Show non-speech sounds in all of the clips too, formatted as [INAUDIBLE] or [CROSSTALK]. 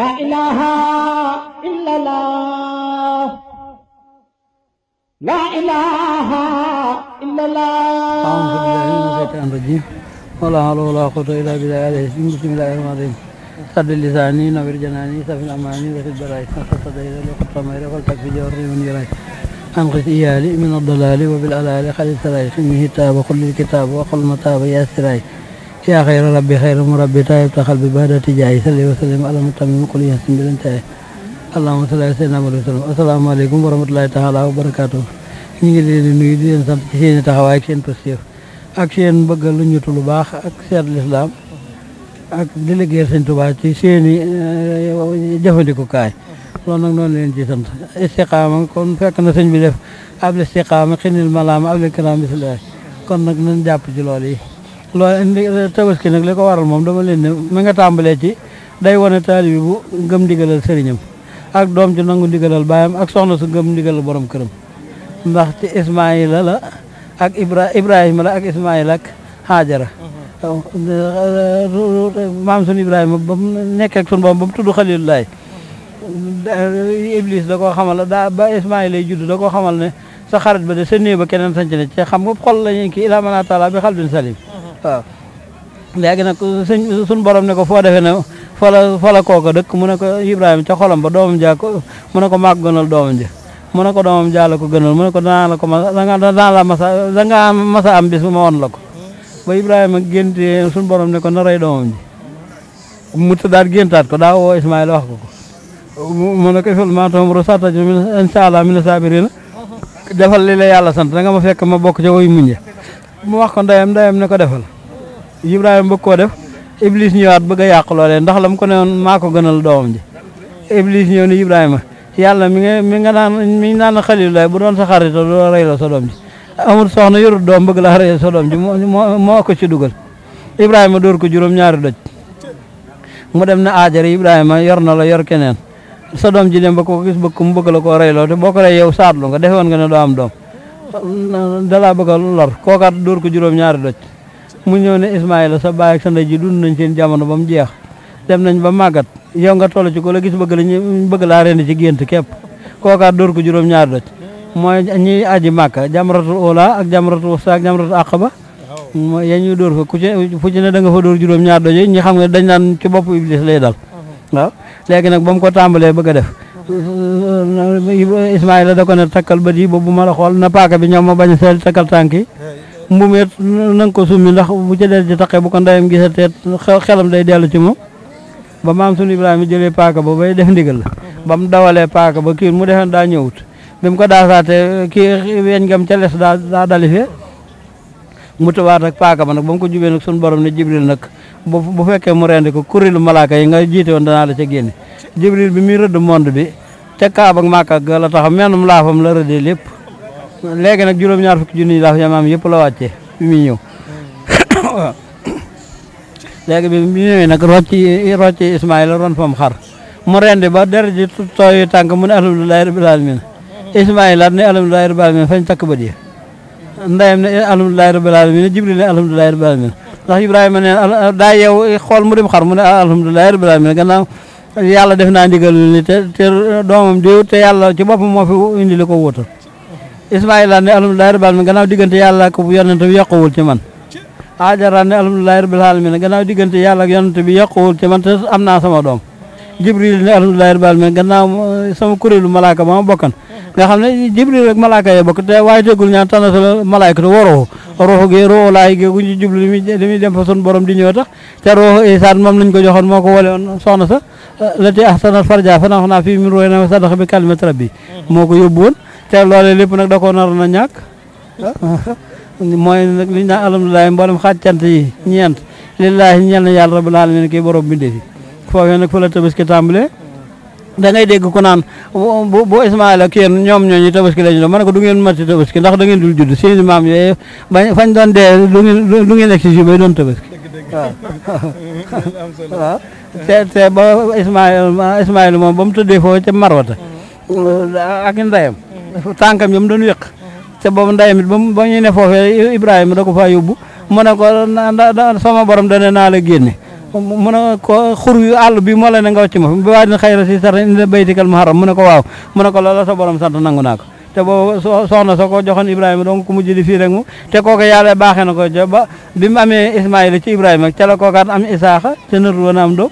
لا إله إلا الله لا إله إلا الله أعوذ بالله من الشيطان الرجيم ولا حول ولا قوة إلا بالله العلي بسم الله الرحمن الرحيم سد لساني نور جناني سف الأماني وفي البرايس نصف دير لقط مير والتكفي جوري من جرايس أنقذ إيالي من الضلال وبالألال خلي السرايس إنه تاب وقل الكتاب وقل متاب يا سرايس yaa xayra rabbi xayra mu rabbi taayib taxal bi baada tijaay salli wa sallim ala mutamim qul yasin bi leen taay allahumma salli ala sayyidina Muhammad wa barakaatu ñu ngi leen di nuyu di leen sant ci seen i taxawaay ak seen positif ak seen bëgg lu ñutu lu baax ak seet lislaam ak di liggéeyal sëñ ci seen i eh, jëfandikukaay loolu nag noonu leen ci sant istiqaama kon fekk na sëñ bi def ab istiqaama xinil malaam ab kiraam bislaay kon nag nañ jàpp ci loolu indi tabaski nag li ko waral moom dama leen ne nga tàmbalee ci day wane taalibi bu ngëm ndigalal sëriñam ak doom ci nangu ndigalal baayam ak soxna su ngëm ndigalal borom këram ndax ci Ismaayila la ak Ibra Ibrahima la ak Ismaayila ak Haajara maam sunu Ibrahima ba mu nekk ak sunu boom ba mu tudd Xalilullaay Iblis da koo xamal daa ba Ismaayil yi judd da koo xamal ne sa xarit ba de sa néew ba keneen sanc ne ci xam nga xol la ñu kii ilaa manaa taala bi xalbin lagi nak sun borom ne ko foo defee ne fa la fa la kooka dëkk mu ne ko xolam ba doomam ja ko mu mag gonal maag ja mu ne ja la ko gënal mu ne la ko ma danaa la masa dangaa masa am bis ma won la ko ba ak géntee sun borom ne ko na ray doomam ji mu dar géntaat ko da wo ismaïl wax ko ko fil ma tom ifal maatam ru min insha allah mina defal li la yalla sant da nga ma fekk ma bokk ca woy muñe ya. mu wax ko ndayam ndayam ne ko defal Ibrahima bëgg koo def Iblis ñëwaat bëgg a yàq loolee ndax la mu ko newoon maa ko gënal doomam ji Iblis ñëw ni Ibrahima yàlla mi nga mi nga naan mi naan xalilulaay bu doon sa xarit doo rey la doom ji amul soxna yorut doom bëgg laa rey ji moo moo ko ci dugal Ibrahima dóor ko juróom-ñaari doj mu dem na aajara Ibrahima yor na la yor keneen sa doom ji dem ba ko gis bëgg mu bëgg la koo rey loo te boo ko rey yow saatlu nga defe woon ne doo am doom dalaa bëgg a lor kookaat dóor ko juróom-ñaari doj mu ñëw ne Ismaïla sa baay ak sa ndey ji dund nañ seen jamono bam jeex dem nañ ba magat yow nga tollu ci ko la gis bëgg la ñu bëgg la rend ci gént képp kookaat dóor ko juroom ñaar doj moy ñi aji makka jamratul ula ak jamratul wasa ak jamratul aqaba ya ñuy dóor ko ku ci fu ci ne da nga fa dóor juroom ñaar doj ñi xam nga dañ nan ci tangki. iblis lay dal waaw nak bam ko tambalé bëgg def Ismaïla da ko takal ba di la na paaka bi ñoom ma bañ sel takal tanki mbumeet na nga ko summi ndax bu ca der ji taqee bu ko ndeyam gisatee xelam day dellu ci moom ba maam sunu Ibrahima jëlee paaka ba bay def ndigal la ba mu dawalee paaka ba kii mu defoon daa ñëwut bi mu ko daasaatee kii weñ ngam ca les daa daa mu tawaat ak paaka ba nag ba mu ko jubee nag sunu borom ne Jibril nag bu bu fekkee mu rendi ko kuréelu malaaka yi nga jiite woon danaa la ca génne Jibril bi muy rëdd monde bi ca Kaaba ak Màkka la taxaw menum laafam la rëddee léegi nag juróom-ñaar fukki junni yi daal yamaam yëpp la wàccee bi muy ñëw waaw [COUGHS] bi mu ñëwee nag rocci rocci Ismaïla ron fam xar mu rendi ba der ji tooy tànk mu ne alhamdulilahi rabbil alamin Ismaïla ne alhamdulilahi rabbil fañ takk ba di ndeyam ne alhamdulilahi rabbil alamin Jibril ne alhamdulilahi rabbil alamin ndax Ibrahima ne daa yow mu dem xar mu ne alhamdulilahi rabbil alamin gannaaw yàlla def naa ndigal li te doomam diw te yàlla ci boppam moo fi ko wóotal Ismaïla ne alhamdulilahi rabbil alamin gannaaw diggante yàlla ak yonent bi yokkuwul ci man Ajara ne alhamdulilahi rabbil alamin gannaaw diggante yàlla ak yonent bi yokkuwul ci man te am naa sama doom Jibril ne alhamdulilahi rabbil alamin gannaaw sama kuréelu malaaka ma bokkan nga xam ne Jibril ak malaaka yee bokk te waaye tegul ñaan tànn sa malaayka te waroo ruux gi ruux laay gi gu ñu jublu li muy li ko joxoon moo ko wole woon soxna sa lati ahsanat farja fa naa fii min ruuhinaa wa sadaqa bi kalimat rabbi moo ko yóbbu te loolee lépp nag da koo naroon a ñàkk [LAUGHS] mooy nag li ñu naan alhamdulilah yi ñeent lillaahi ñeel na yàlla rabbil alamin kii borom bindee fi foofee nag fa la tabaski tàmbalee da ngay dégg ku naan bu bu Ismaayla ak yéen ñoom ñooñu tabaski la ñu doon ma ko du ngeen matti tabaski ndax da ngeen dul judd seeni maam yooyu bañ fañ doon dee du ngeen si si bay doon tabaski [LAUGHS] [LAUGHS] te te ba Ismaayla moom ba mu tëddee foofu ca Marwata ak ndeyam tànkam yam doon wéq te boobu ndeyam it ba mu ba ñuy ne foofee Ibrahima da ko faa yóbbu mu a ko sama borom dana naa la génne mu ne ko xur yu àll bi moo la ne nga wàcc ma fi bi waa dina xayra si sar indi baytikal muharram mu ne ko waaw mu ne ko loola sa borom sant nangu naa ko te boobu soxna sa ko joxoon Ibrahima donc ku mujj di fii mu te kooku yàlla baaxee na ko ja bi mu amee Ismaïla ci Ibrahima ca la kookaat am Isaaxa ca nër woon am doom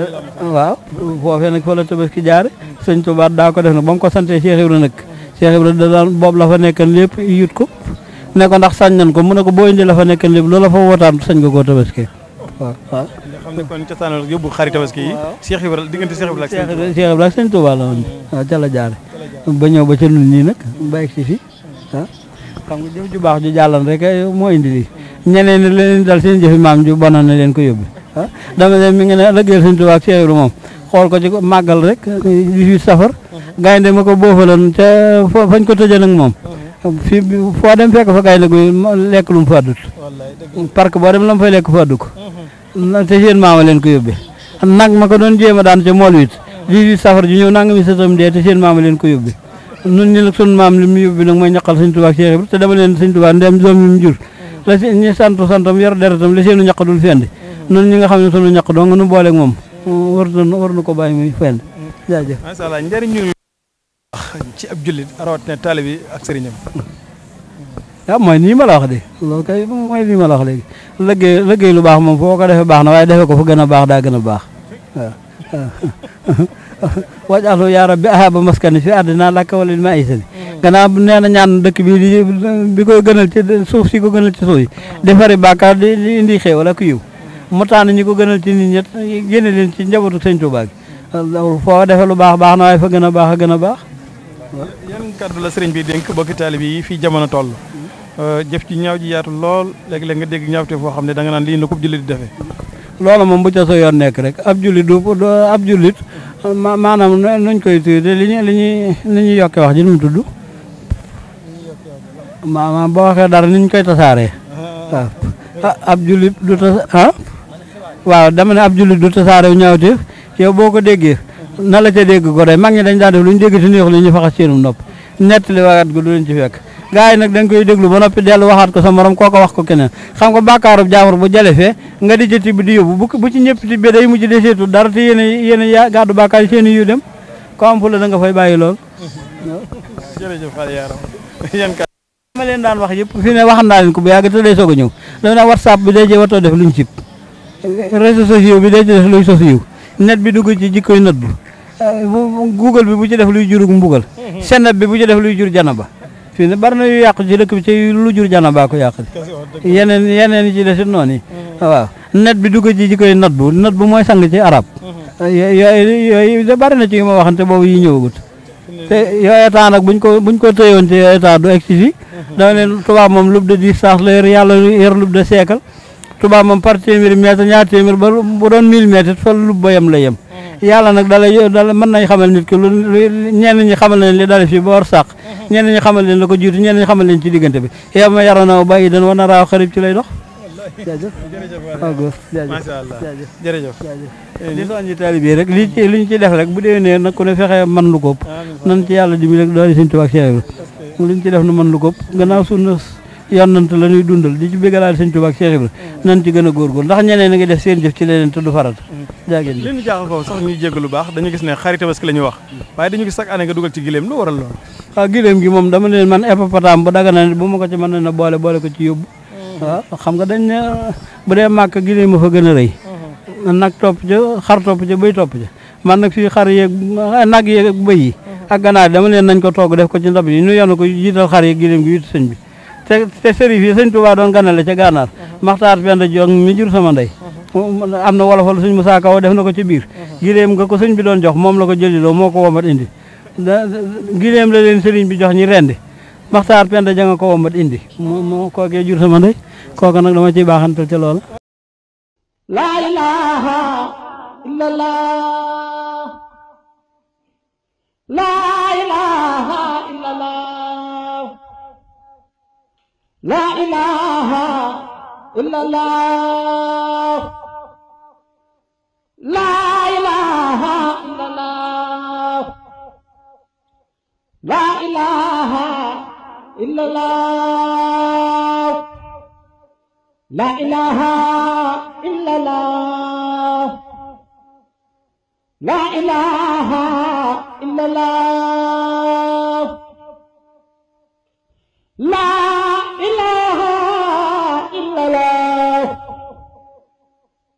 Eh, waaw foofee nag fa la jaar jaare sëñ Tuubaa daa ko def nag ba ko santee Cheikh Ibra nag Cheikh Ibra la fa nekkan lépp yut ko ne ko sañ nañ ko mu ne ko boo indi la fa nekkan lépp loola fa wootaan sañ nga koo tabaski xam ne kon cosaan la yóbbu xari tabaski yi Cheikh Ibra diggante Cheikh Ibra ak Cheikh Ibra ak sëñ Tuubaa la woon waaw ca la jaare ba ñëw ba ca nun nii nag ba egsi fi ah xam nga jëf ju baax ju jàllan rek eh, moo indi lii ñeneen leneen dal seen jëfi maam ju bonoon na leen ko yóbbu dama ne mi ngi ne lëggeel Sëñ Tuubaa ak Cheikh Ibra moom xool ko ci màggal rek 18 safar gaynde ma ko boofaloon te fañ ko tëjee nag moom fii foo dem fekk fa gaynde guy lekk lu mu fa addut parc boo dem la mu fay lekk fa addu ko te seen maama leen ko yóbbee nag ma ko doon jéem a daan ca mool wit 18 safar ji ñëw nanga mi satam dee te seen maama leen ko yóbbee nun ñi nag sun maam li mu yóbbi nag mooy ñaqal Sëñ Tuubaa ak te dama leen Sëñ noonu ñi nga xam ne sunu ñaq dong nu booleeg moom war na war na ko bàyyi muy fenn jaajëf. njar allah njëriñu ci ab jullit rawatina taalibi ak sëriñam. waaw ah, mooy nii ma la de loolu kay mooy nii ma la wax lu baax moom foo ko defee baax na waaye defee ko fu gën a baax daa gën a baax waaw. [LAUGHS] wajaxlu yaa rabbi ahaba maskani fi àddina làkk wala ma aysani gannaaw nee na ñaan dëkk bi di bi koy gënal ci suuf si ko gënal ci suuf yi defari di indi xéewal ak yiw mu ñi ko gënal ci nit ñet gënal leen ci njabootu sëñ Touba gi fo defee lu baax baax na waaye fa gëna baax gëna baax yeen kaddu la sëriñ bi denk bokk talib yi fi jamono toll euh jëf ci ñaw ji yaatu lool leg leg nga dégg ñaawte foo xam ne da nga naan li na ko julit defé loolu mom bu ca sa yoon nekk rek ab julit du ab julit manam nuñ koy tuddee li ñi li ñi li ñuy yokkee wax ji nu mu ma maanaam boo waxee dara ni koy tasaaree ah. Ah, ab julit du tass ha ah? waaw dama ne ab jullit du tasaare ñaawteef yow boo ko déggee na la ca dégg gore mag ñi dañ daan def lu ñu dégg ci néex li ñu faxas seenum nopp ci fekk gars yi nag dañ koy déglu ba noppi dellu waxaat ko sa morom koo wax ko keneen xam nga bàkkaarub jaamur bu jale fee nga di ca tibb di yóbbu bu bu ci ñëpp tibbee day mujj deseetu dara te yéen a yéen a gàddu bàkkaar yi seen yu dem ko fu la da nga fay bàyyi lool jërëjëf xale yaaram yéen ka ma leen daan wax yëpp fi ne waxan naa ko bu yàgg te day soog a ñëw dama bi day jee watoo def luñ cib réseaux sociaux bi day def luy sos yiw net bi dugg ci jikkoy nat eh, bu google bi bu ci def luy jurug mbugal mhm. seneb bi bu ci def luy jur janaba fii ne bari na yu yàqu ci dëkk bi ci lu jur janaba ko yàq yeneen yeneen yi ci desit noonu mhm. waaw net bi dugg ci jikkoy nat bu nat bu mooy sang ci arab mhm. eh, yooyu yooyu da bari na ci yu ma waxante boobu yi ñëwagut te yooyu état nag buñ ko buñ ci yooyu état du egsi fii dama tubaab moom lub de distance tubaab moom par téeméeri mètre ñaar téeméer ba bu doon 1000 mètre fa lu bayam la yem mm-hmm. yàlla nag dalay dala mën nañ xamal nit ki lu ñenn ñi xamal leen li dale fii ba war sàq mm-hmm. ñenn ñi xamal leen la ko jiitu ñenn ñi xamal leen ci diggante bi yow ma yaroon naa bàyyi dan war na raaw xarib ci lay dox eh, li soon ci taalibe yi rek li ci li ñu ci def rek bu dee nee nag ku ne fexe man lu ko nan ci yàlla dimbali rek doole suñ tubaab seeru lu ñu ci def ko yonant la ñuy dundal di ci bégalaal sëñ Tuubaa ak Cheikh Ibra mm. nan ci gën a góorgóorlu ndax ñeneen a def seen jëf ci leneen te du farat mm. dañu gis ne xarit Tabaski la ñuy wax waaye dañu gis chaque année nga dugal ci giléem lu waral loolu waaw ah, giléem gi moom dama leen man eppatam ba daga na bu ma ko ci mën na boole boole ko ci yóbbu mm. ah, xam nga dañ bu dee màkk giléem ma fa gën a rëy mm-hmm. nag topp ca xar topp ca béy topp ca man nag fii xar yeeg nag yeeg béy te sëriñ yi sëñ touba doon ganale ca gànnaar maxtaar benn jong mi jur sama ndey amna wala wolofal suñ Musaa Kaw def nako ci bir gileem nga ko sëñ bi doon jox mom la ko jëliloo do moko womat indi gileem la len sëriñ bi jox ñi rendi maxtaar penda janga ko womat indi ko ge jur sama ndey koko nak dama ciy baaxantal ca La ilaha illallah La ilaha illallah la ilaha illallah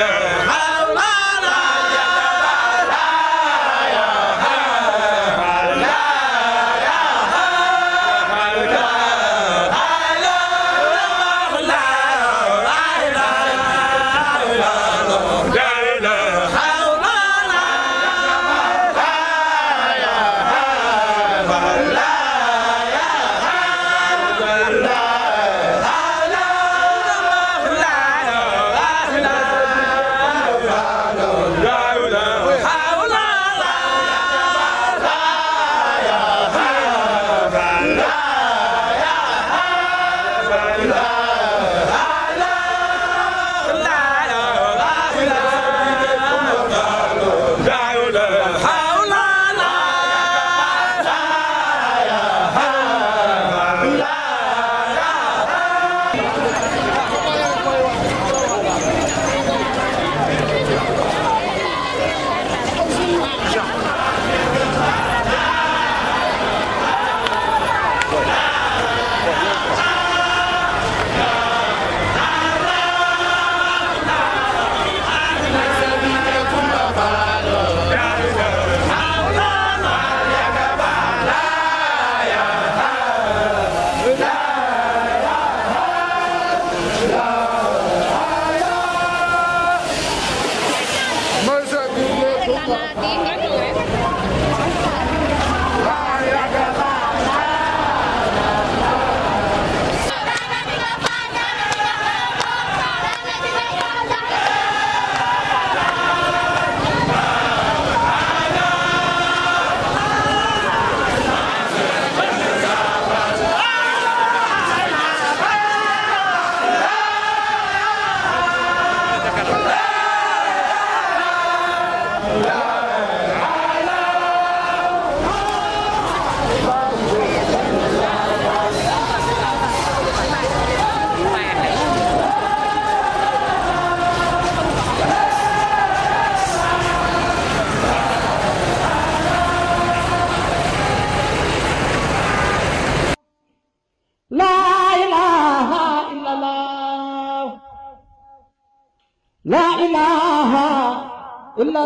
la [LAUGHS]